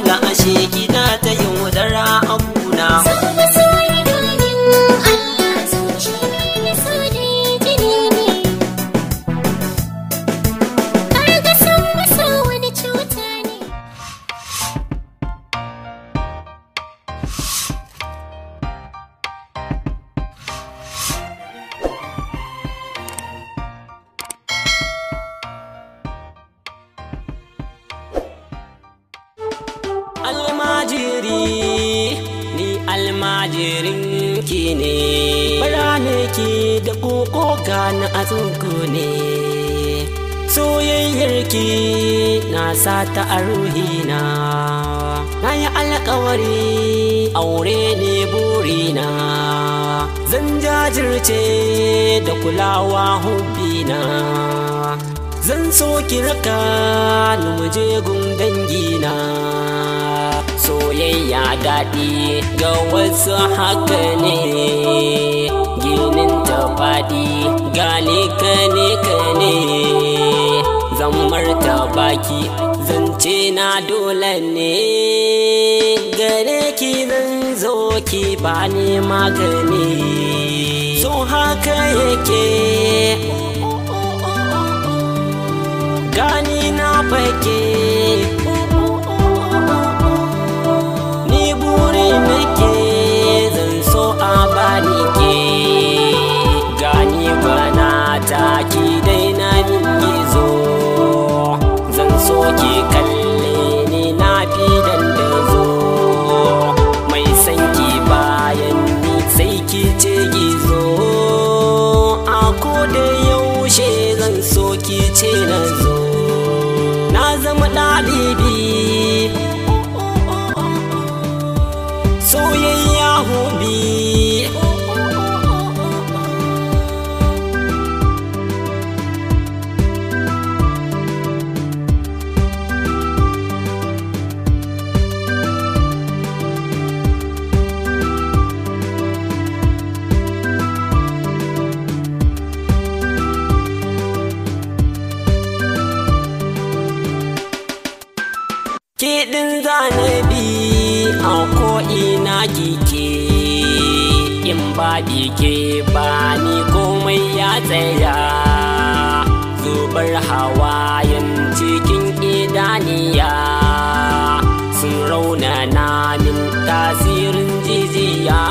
da ashe ki ya koko gani a ne soyayyarki na sata a ruhina na yi alkawari aure ne burina zan jajirce da kulawa hubbina zan so ki raka daɗi ga wasu haka ne ginin ta faɗi gane ka ne ka ne zammar ta baki zance na dole ne gare ki zan zo ki ba maka magani so haka yake gani na fake muke zan so a bani ke gani bana ta dai na min zo zan so ki kalli zagi ke in baɗi ke ba ni komai ya tsaya zubar hawayen cikin idaniya sun raunana min tasirin jijiya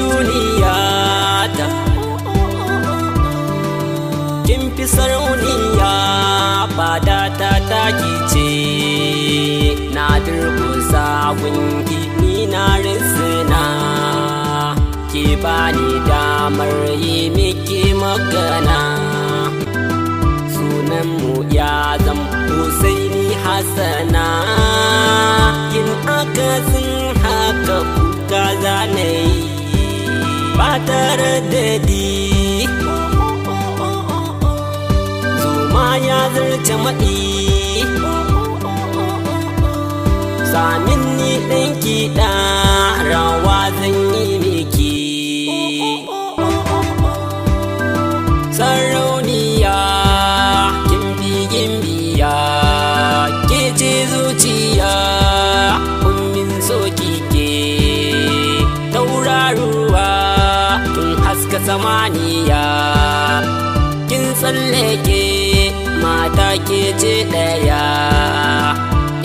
duniya ta kin fi sarauniya fada ta ce na durkusa gunki ni na risina ke bani damar yi miki magana tardadi zuma ya zarce ma'i samin ni ɗan rawa zan yi samaniya kin tsallake mata ke ce ɗaya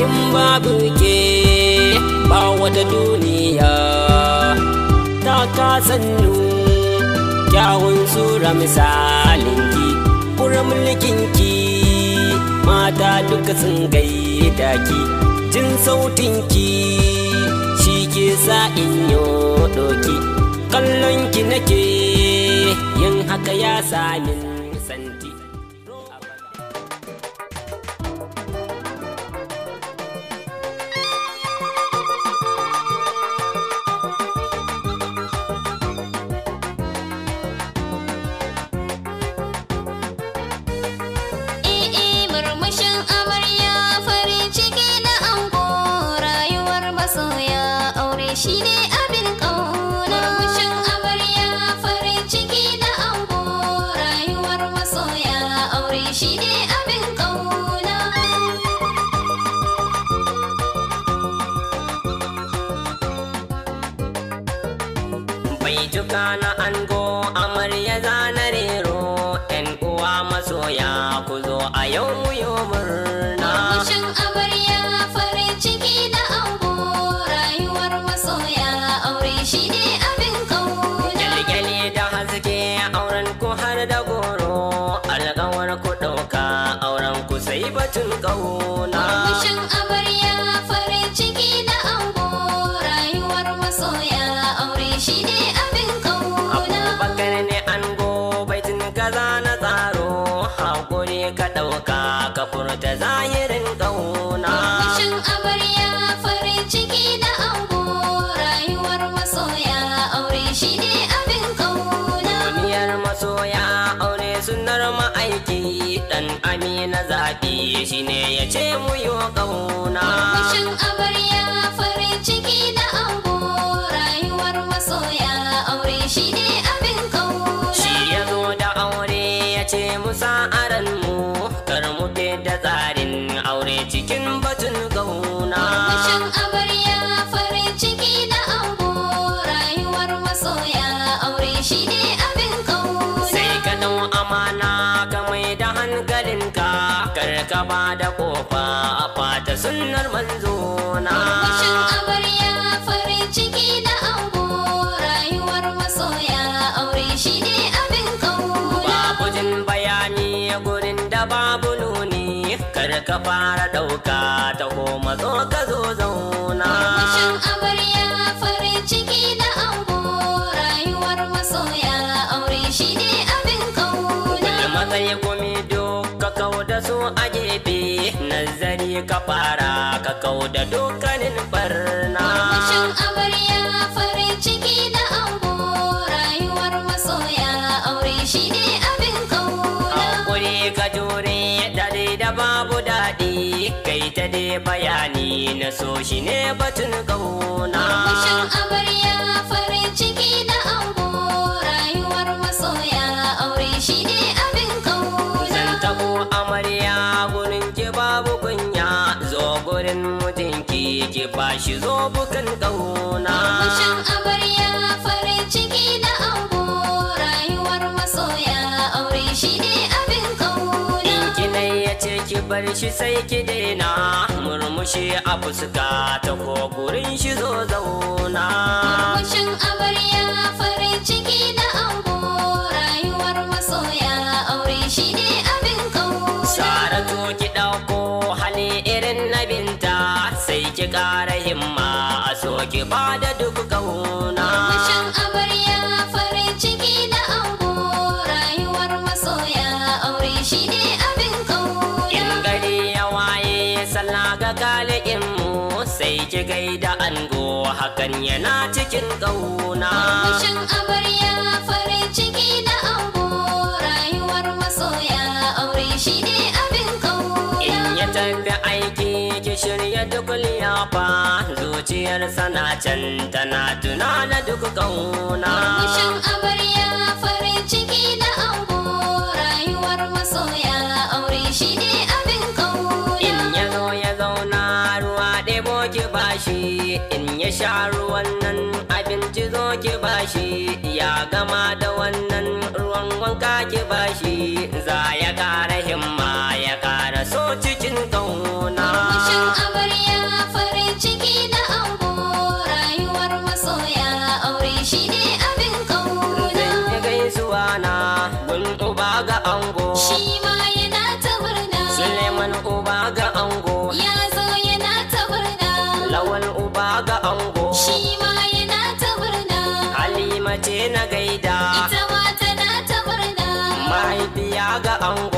in babu ke ba wata duniya ta kasannu kyawun sura misalinki kura ki mata duka sun gaida ki jin sautinki shi ke sa in yo doki kallon ki nake yin haka ya samin soya ku zo a yau yo murna Murmushin amarya farin ciki da ango rayuwar masoya aure shi ne abin kauna Kyalkyali da haske auren ku har da goro alƙawar ku ɗauka auren ku sai batun kauna Murmushin amarya furta zahirin ƙauna. Shin ya farin ciki da ango rayuwar masoya aure shi ne abin ƙauna. Duniyar masoya aure sunar ma'aiki ɗan amina zaɓi shi ne ya ce mu ƙauna. Shin cikin batun gauna. abar ya farin ciki na ango rayuwar masoya aure shi ne abin kauna. Sai ka dau amana ka mai da hankalinka karka ba da kofa a fata sunnar manzona. ka fara ɗauka ta koma zo ka zo zauna. Murmushin amarya farin ciki da ango rayuwar masoya aure shi ne abin kauna. Wani matsayi gumi duk ka kau su a gefe nazari ka fara ka kauda da duka kai ta dai bayani na so shi ne batun gauna. Murmushin amarya farin ciki na ango rayuwar masoya aure shine abin kauna. Zan tabo amarya gurin ki babu kunya zo mutunki ki bashi zo bukan kauna. bar shi sai ki daina murmushi a fuska ta ko gurin shi zo zauna murmushin amarya farin ciki da ango rayuwar masoya aure shi ne abin kawo to ki dauko hali irin na binta sai ki kara himma a so ki bada duk kawo sai ki gaida ango hakan yana cikin ƙauna. Mashin amarya farin ciki da ango rayuwar masoya aure shi ne abin ƙauna. In ya tafi aiki ki shirya duk liyafa zuciyar sana can tana tuna da duk ƙauna. ga ango shi ma yana ta murna halima ce na gaida ita ma tana ta murna mahaifiya ga ango